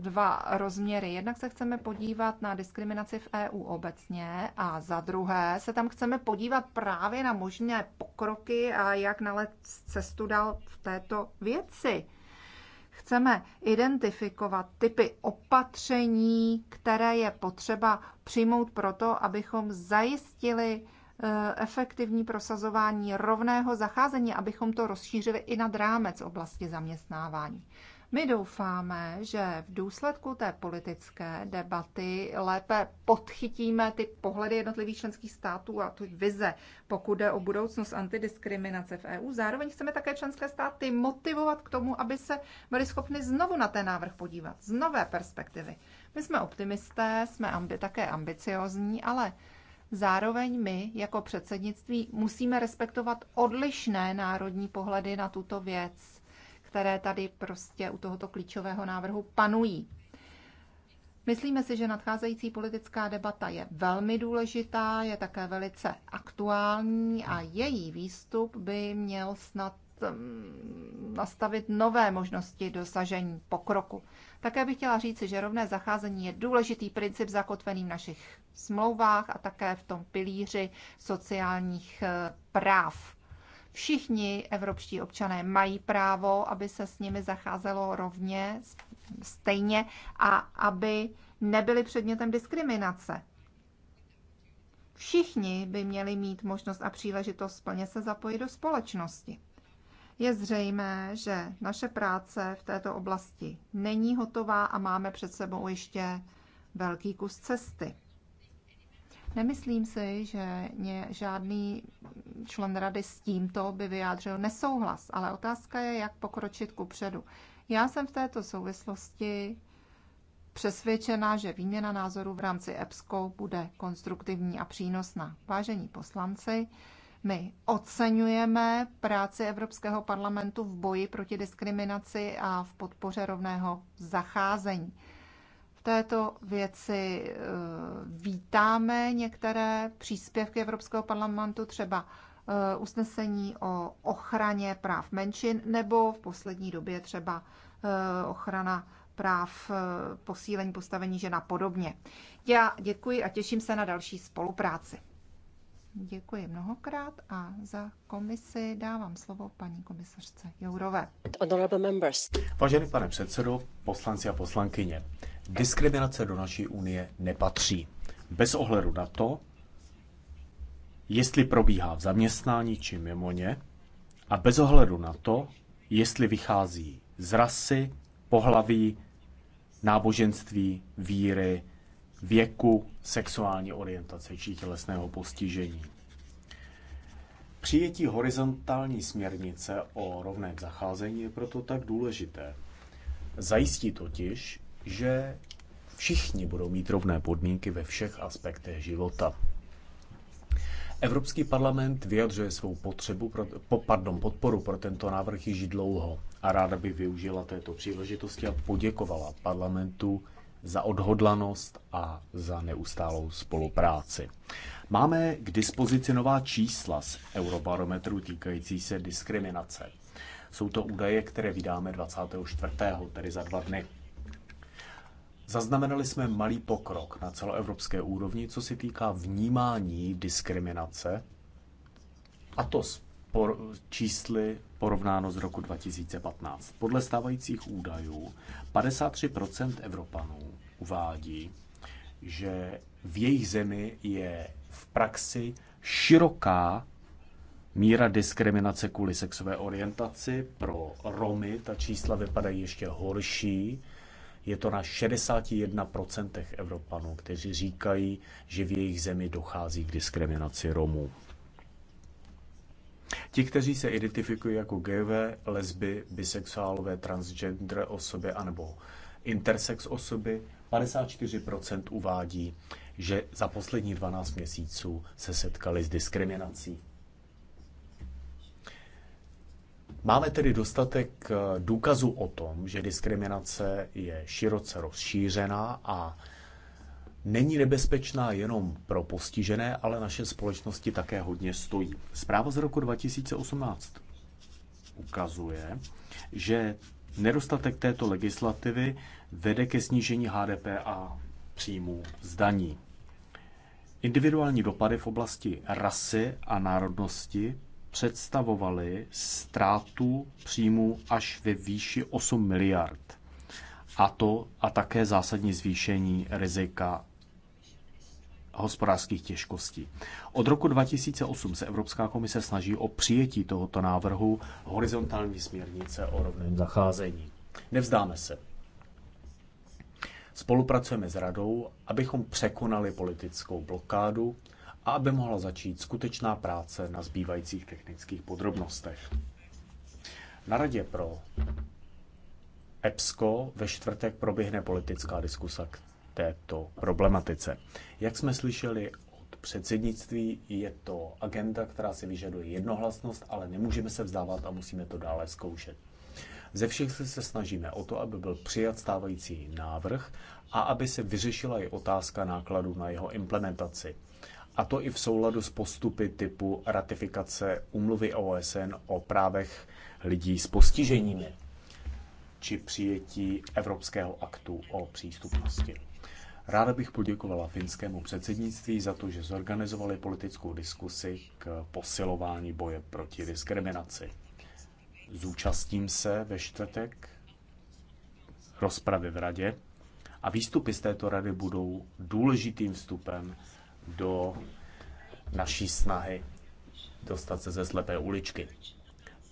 dva rozměry. Jednak se chceme podívat na diskriminaci v EU obecně a za druhé se tam chceme podívat právě na možné pokroky a jak nalézt cestu dál v této věci chceme identifikovat typy opatření, které je potřeba přijmout proto, abychom zajistili eh, efektivní prosazování rovného zacházení, abychom to rozšířili i nad rámec oblasti zaměstnávání. My doufáme, že v důsledku té politické debaty lépe podchytíme ty pohledy jednotlivých členských států a tu vize, pokud jde o budoucnost antidiskriminace v EU. Zároveň chceme také členské státy motivovat k tomu, aby se byli schopni znovu na ten návrh podívat z nové perspektivy. My jsme optimisté, jsme ambi, také ambiciozní, ale Zároveň my jako předsednictví musíme respektovat odlišné národní pohledy na tuto věc které tady prostě u tohoto klíčového návrhu panují. Myslíme si, že nadcházející politická debata je velmi důležitá, je také velice aktuální a její výstup by měl snad mm, nastavit nové možnosti dosažení pokroku. Také bych chtěla říci, že rovné zacházení je důležitý princip zakotvený v našich smlouvách a také v tom pilíři sociálních eh, práv. Všichni evropští občané mají právo, aby se s nimi zacházelo rovně, stejně a aby nebyly předmětem diskriminace. Všichni by měli mít možnost a příležitost plně se zapojit do společnosti. Je zřejmé, že naše práce v této oblasti není hotová a máme před sebou ještě velký kus cesty. Nemyslím si, že ně, žádný člen rady s tímto by vyjádřil nesouhlas, ale otázka je, jak pokročit ku předu. Já jsem v této souvislosti přesvědčena, že výměna názorů v rámci EPSCO bude konstruktivní a přínosná. Vážení poslanci, my oceňujeme práci Evropského parlamentu v boji proti diskriminaci a v podpoře rovného zacházení této věci eh, vítáme některé příspěvky Evropského parlamentu, třeba eh, usnesení o ochraně práv menšin nebo v poslední době třeba eh, ochrana práv, posílení postavení žena podobně. Já děkuji a těším se na další spolupráci. Děkuji mnohokrát a za komisi dávám slovo paní komisařce Jourové. Vážený pane předsedo, poslanci a poslankyně, Diskriminace do naší unie nepatří. Bez ohledu na to, jestli probíhá v zaměstnání či mimo ně, a bez ohledu na to, jestli vychází z rasy, pohlaví, náboženství, víry, věku, sexuální orientace či tělesného postižení. Přijetí horizontální směrnice o rovném zacházení je proto tak důležité. Zajistí totiž, že všichni budou mít rovné podmínky ve všech aspektech života. Evropský parlament vyjadřuje svou potřebu pro, po, pardon, podporu pro tento návrh již dlouho a ráda by využila této příležitosti a poděkovala parlamentu za odhodlanost a za neustálou spolupráci. Máme k dispozici nová čísla z Eurobarometru týkající se diskriminace. Jsou to údaje, které vydáme 24. tedy za dva dny. Zaznamenali jsme malý pokrok na celoevropské úrovni, co se týká vnímání diskriminace, a to s por- čísly porovnáno z roku 2015. Podle stávajících údajů 53% Evropanů uvádí, že v jejich zemi je v praxi široká míra diskriminace kvůli sexové orientaci. Pro Romy ta čísla vypadají ještě horší. Je to na 61% Evropanů, kteří říkají, že v jejich zemi dochází k diskriminaci Romů. Ti, kteří se identifikují jako gejové, lesby, bisexuálové, transgender osoby anebo intersex osoby, 54% uvádí, že za poslední 12 měsíců se setkali s diskriminací. Máme tedy dostatek eh, důkazů o tom, že diskriminace je široce rozšířená a není nebezpečná jenom pro postižené, ale naše společnosti také hodně stojí. Zpráva z roku 2018 ukazuje, že nedostatek této legislativy vede ke snížení HDP a příjmů zdaní. Individuální dopady v oblasti rasy a národnosti představovaly ztrátu příjmu až ve výši 8 miliard. A to a také zásadní zvýšení rizika hospodářských těžkostí. Od roku 2008 se Evropská komise snaží o přijetí tohoto návrhu horizontální směrnice o rovném zacházení. Nevzdáme se. Spolupracujeme s radou, abychom překonali politickou blokádu a aby mohla začít skutečná práce na zbývajících technických podrobnostech. Na Radě pro EPSCO ve čtvrtek proběhne politická diskusa k této problematice. Jak jsme slyšeli od předsednictví, je to agenda, která si vyžaduje jednohlasnost, ale nemůžeme se vzdávat a musíme to dále zkoušet. Ze všech se snažíme o to, aby byl přijat stávající návrh a aby se vyřešila i otázka nákladů na jeho implementaci a to i v souladu s postupy typu ratifikace umluvy OSN o právech lidí s postiženími či přijetí Evropského aktu o přístupnosti. Ráda bych poděkovala finskému předsednictví za to, že zorganizovali politickou diskusi k posilování boje proti diskriminaci. Zúčastním se ve čtvrtek rozpravy v radě a výstupy z této rady budou důležitým vstupem do naší snahy dostat se ze slepé uličky.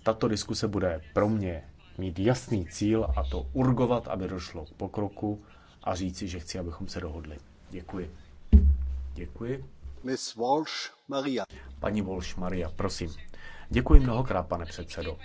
Tato diskuse bude pro mě mít jasný cíl a to urgovat, aby došlo k pokroku a říci, že chci, abychom se dohodli. Děkuji. Děkuji. Miss Walsh Maria. Paní Walsh Maria, prosím. Děkuji mnohokrát, pane předsedo.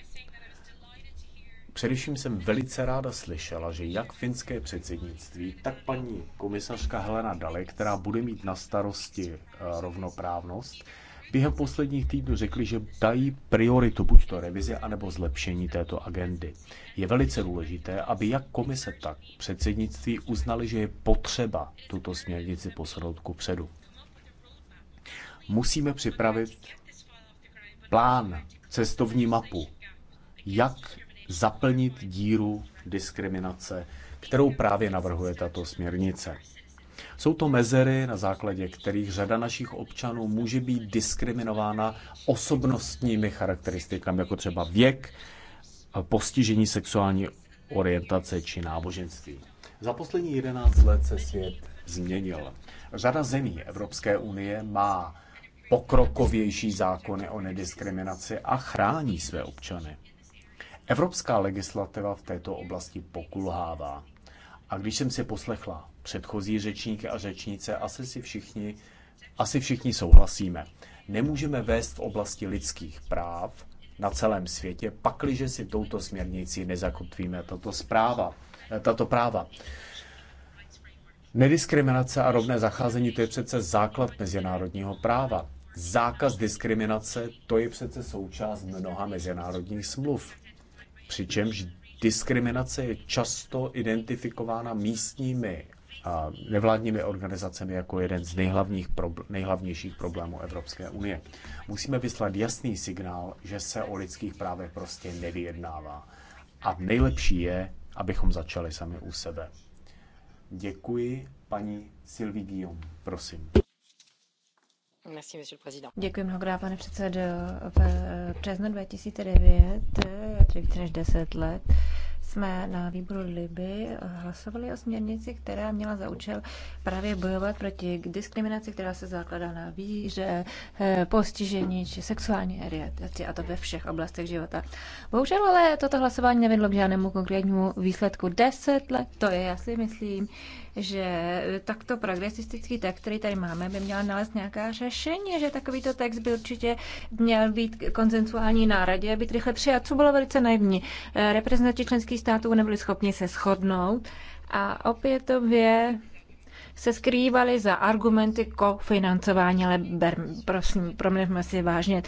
Především jsem velice ráda slyšela, že jak finské předsednictví, tak paní komisařka Helena Dale, která bude mít na starosti eh, rovnoprávnost, během posledních týdnů řekli, že dají prioritu buď to revizi, anebo zlepšení této agendy. Je velice důležité, aby jak komise, tak předsednictví uznali, že je potřeba tuto směrnici posunout ku předu. Musíme připravit plán, cestovní mapu, jak zaplnit díru diskriminace, kterou právě navrhuje tato směrnice. Jsou to mezery, na základě kterých řada našich občanů může být diskriminována osobnostními charakteristikami, jako třeba věk, postižení sexuální orientace či náboženství. Za poslední 11 let se svět změnil. Řada zemí Evropské unie má pokrokovější zákony o nediskriminaci a chrání své občany. Evropská legislativa v této oblasti pokulhává. A když jsem si poslechla předchozí řečníky a řečnice, asi si všichni, asi všichni souhlasíme. Nemůžeme vést v oblasti lidských práv na celém světě, pakliže si touto směrnici nezakotvíme tato, zpráva, tato práva. Nediskriminace a rovné zacházení to je přece základ mezinárodního práva. Zákaz diskriminace to je přece součást mnoha mezinárodních smluv. Přičemž diskriminace je často identifikována místními a nevládními organizacemi jako jeden z nejhlavních probl- nejhlavnějších problémů Evropské unie. Musíme vyslat jasný signál, že se o lidských právech prostě nevyjednává. A nejlepší je, abychom začali sami u sebe. Děkuji paní Sylvie Guillaume, prosím. Děkuji mnohokrát, pane předsedo. V eh, březnu 2009, tedy více než 10 let, jsme na výboru Liby hlasovali o směrnici, která měla za účel právě bojovat proti diskriminaci, která se zakládá na víře, eh, postižení či sexuální orientaci a to ve všech oblastech života. Bohužel ale toto hlasování nevedlo k žádnému konkrétnímu výsledku. Deset let, to je, já si myslím, že takto progresistický text, který tady máme, by měl nalézt nějaká řešení, že takovýto text by určitě měl být konsensuální na radě, být rychle přijat, co bylo velice naivní. Eh, reprezentanti členských států nebyli schopni se shodnout a opět opětově se skrývaly za argumenty kofinancování, ale ber, prosím, promluvme si vážně.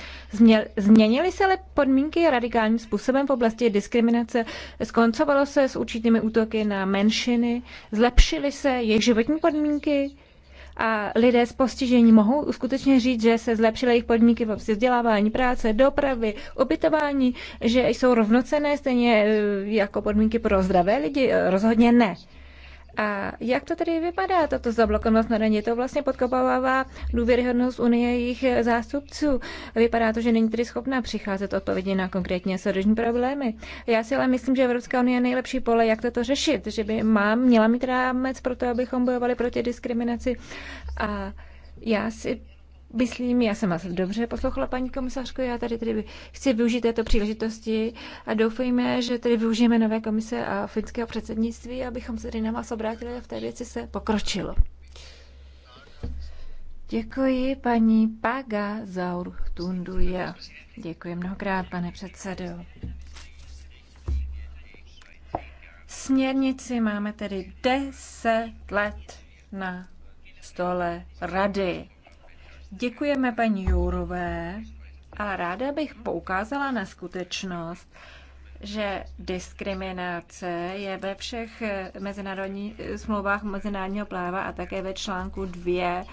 Změnily se ale podmínky radikálním způsobem v oblasti diskriminace, skoncovalo se s určitými útoky na menšiny, zlepšily se jejich životní podmínky, a lidé s postižením mohou skutečně říct, že se zlepšily jejich podmínky v oblasti vzdělávání, práce, dopravy, ubytování, že jsou rovnocené stejně e, jako podmínky pro zdravé lidi? E, rozhodně ne. A jak to tedy vypadá, toto zablokovanost na daně? To vlastně podkopává důvěryhodnost Unie jejich zástupců. Vypadá to, že není tedy schopná přicházet odpovědi na konkrétně sodožní problémy. Já si ale myslím, že Evropská unie je nejlepší pole, jak toto řešit, že by má, měla mít rámec pro to, abychom bojovali proti diskriminaci. A já si Myslím, já jsem vás dobře poslouchala, paní komisařko, já tady tedy chci využít této příležitosti a doufejme, že tedy využijeme nové komise a finského předsednictví, abychom se tedy na vás obrátili a v té věci se pokročilo. Děkuji paní Paga Zaur Tunduja. Děkuji mnohokrát, pane předsedo. Směrnici máme tedy 10 let na stole rady. Děkujeme paní Jourové a ráda bych poukázala na skutečnost, že diskriminace je ve všech mezinárodních smlouvách mezinárodního práva a také ve článku 2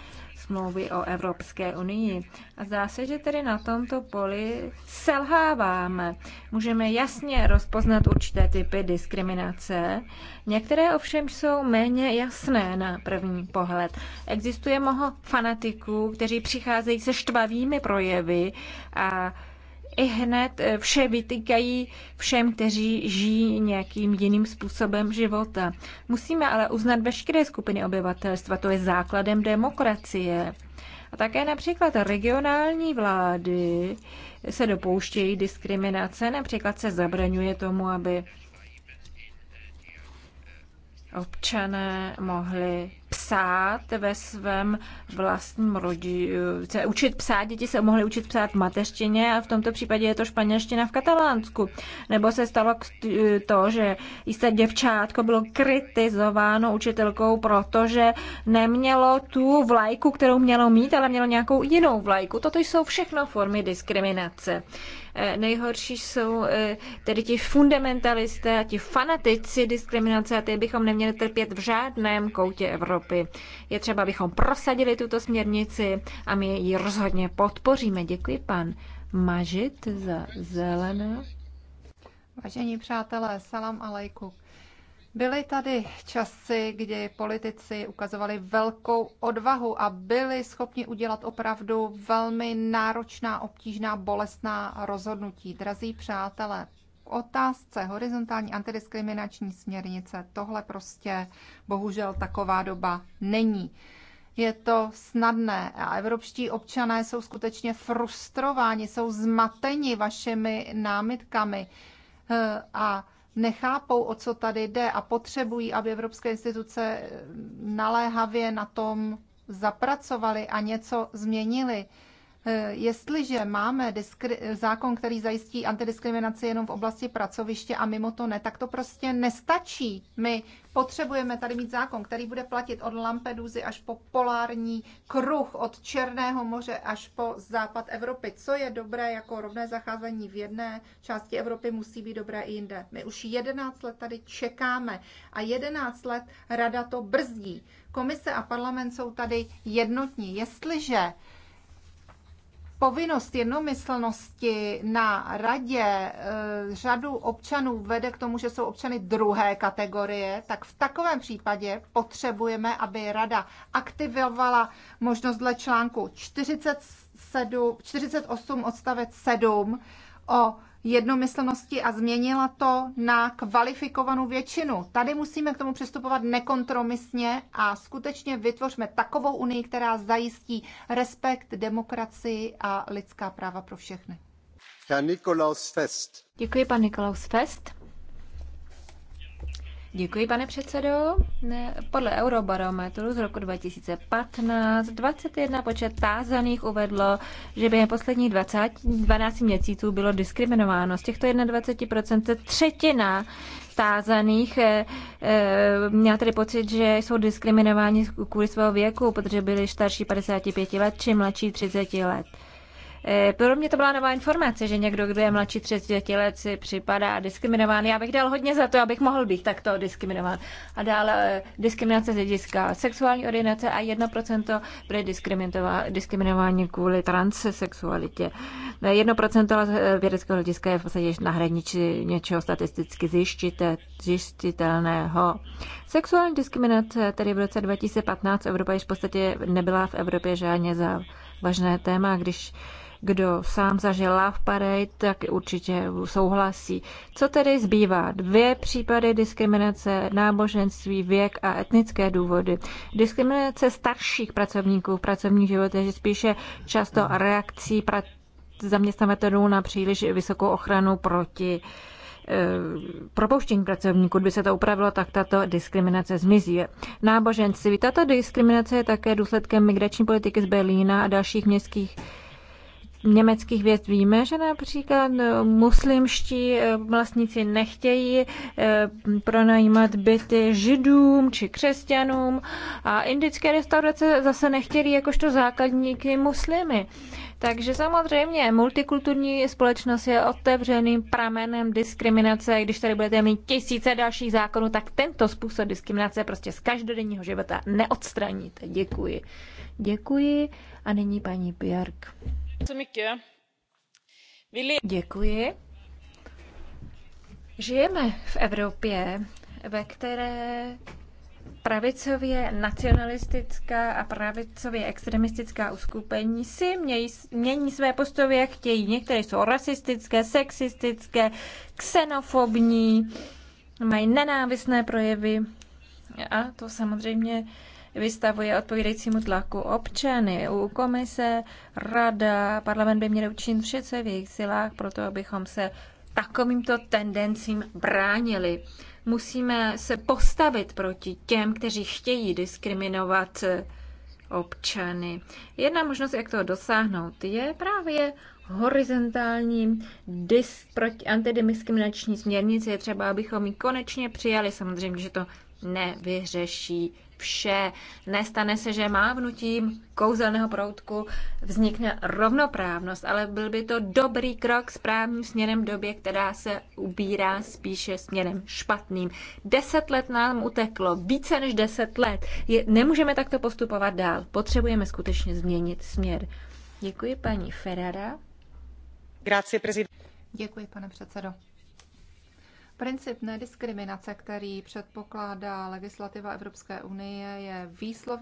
smlouvy o Evropské unii. A zdá se, že tedy na tomto poli selháváme. Můžeme jasně rozpoznat určité typy diskriminace. Některé ovšem jsou méně jasné na první pohled. Existuje mnoho fanatiků, kteří přicházejí se štvavými projevy a i hned eh, vše vytýkají všem, kteří žijí nějakým jiným způsobem života. Musíme ale uznat veškeré skupiny obyvatelstva, to je základem demokracie. A také například regionální vlády se dopouštějí diskriminace, například se zabraňuje tomu, aby občané mohli psát ve svém vlastním rodině Učit psát, děti se mohly učit psát v mateřštině a v tomto případě je to španělština v katalánsku. Nebo se stalo to, že jisté děvčátko bylo kritizováno učitelkou, protože nemělo tu vlajku, kterou mělo mít, ale mělo nějakou jinou vlajku. Toto jsou všechno formy diskriminace. Eh, nejhorší jsou eh, tedy ti fundamentalisté a ti fanatici diskriminace a ty bychom neměli trpět v žádném koutě Evropy. Evropy. Je třeba, abychom prosadili tuto směrnici a my ji rozhodně podpoříme. Děkuji, pan Mažit za zelené. Vážení přátelé, salam alejku. Byly tady časy, kdy politici ukazovali velkou odvahu a byli schopni udělat opravdu velmi náročná, obtížná, bolestná rozhodnutí. Drazí přátelé, k otázce horizontální antidiskriminační směrnice tohle prostě bohužel taková doba není. Je to snadné a evropští občané jsou skutečně frustrováni, jsou zmateni vašimi námitkami eh, a nechápou, o co tady jde a potřebují, aby evropské instituce eh, naléhavě na tom zapracovali a něco změnili. Eh, jestliže máme zákon, který zajistí antidiskriminaci jenom v oblasti pracoviště a mimo to ne, tak to prostě nestačí. My potřebujeme tady mít zákon, který bude platit od Lampeduzy až po polární kruh, od Černého moře až po západ Evropy. Co je dobré jako rovné zacházení v jedné části Evropy, musí být dobré i jinde. My už 11 let tady čekáme a 11 let rada to brzdí. Komise a parlament jsou tady jednotní. Jestliže povinnost jednomyslnosti na radě eh, řadu občanů vede k tomu, že jsou občany druhé kategorie, tak v takovém případě potřebujeme, aby rada aktivovala možnost dle článku 47, 48 odstavec 7 o jednomyslnosti a změnila to na kvalifikovanou většinu. Tady musíme k tomu přistupovat nekontromisně a skutečně vytvořme takovou unii, která zajistí respekt, demokracii a lidská práva pro všechny. Herr Nikolaus Fest. Děkuji, pan Nikolaus Fest. Děkuji, pane předsedo. Podle Eurobarometru z roku 2015 21 počet tázaných uvedlo, že během posledních 20, 12 měsíců bylo diskriminováno. Z těchto 21% třetina tázaných e, e, měla tedy pocit, že jsou diskriminováni kvůli svého věku, protože byli starší 55 let či mladší 30 let. Eh, pro mě to byla nová informace, že někdo, kdo je mladší 30 let, si připadá diskriminován. Já bych dal hodně za to, abych mohl být takto diskriminován. A dále eh, diskriminace z hlediska sexuální orientace a 1% bude diskriminování kvůli transsexualitě. 1% eh, vědeckého hlediska je v podstatě na hranici něčeho statisticky zjištíte, zjištitelného. Sexuální diskriminace tedy v roce 2015 Evropa již v podstatě nebyla v Evropě žádně závažné téma, když kdo sám zažil love parade, tak určitě souhlasí. Co tedy zbývá? Dvě případy diskriminace, náboženství, věk a etnické důvody. Diskriminace starších pracovníků v pracovním životě, je spíše často reakcí pra- zaměstnavatelů na příliš vysokou ochranu proti eh, propouštění pracovníků, kdyby se to upravilo, tak tato diskriminace zmizí. Náboženství. Tato diskriminace je také důsledkem migrační politiky z Berlína a dalších městských německých věd víme, že například eh, muslimští eh, vlastníci nechtějí eh, pronajímat byty židům či křesťanům a indické restaurace zase nechtějí jakožto základníky muslimy. Takže samozřejmě multikulturní společnost je otevřeným pramenem diskriminace. Když tady budete mít tisíce dalších zákonů, tak tento způsob diskriminace prostě z každodenního života neodstraníte. Děkuji. Děkuji a nyní paní Björk. Děkuji. Žijeme v Evropě, ve které pravicově nacionalistická a pravicově extremistická uskupení si mějí, mění své postoje, jak chtějí. Některé jsou rasistické, sexistické, xenofobní, mají nenávistné projevy. A to samozřejmě vystavuje odpovídajícímu tlaku občany. U komise, rada, parlament by měl učinit vše, co je v jejich silách, proto abychom se takovýmto tendencím bránili. Musíme se postavit proti těm, kteří chtějí diskriminovat občany. Jedna možnost, jak toho dosáhnout, je právě horizontální dis proti antidiskriminační směrnici. Je třeba, abychom ji konečně přijali. Samozřejmě, že to nevyřeší vše. Nestane se, že mávnutím kouzelného proutku vznikne rovnoprávnost, ale byl by to dobrý krok správným směrem v době, která se ubírá spíše směrem špatným. Deset let nám uteklo, více než deset let. Je, nemůžeme takto postupovat dál. Potřebujeme skutečně změnit směr. Děkuji paní Ferrara. Grazie, prezident. Děkuji, pane předsedo. Princip nediskriminace, který předpokládá legislativa Evropské unie, je výslovně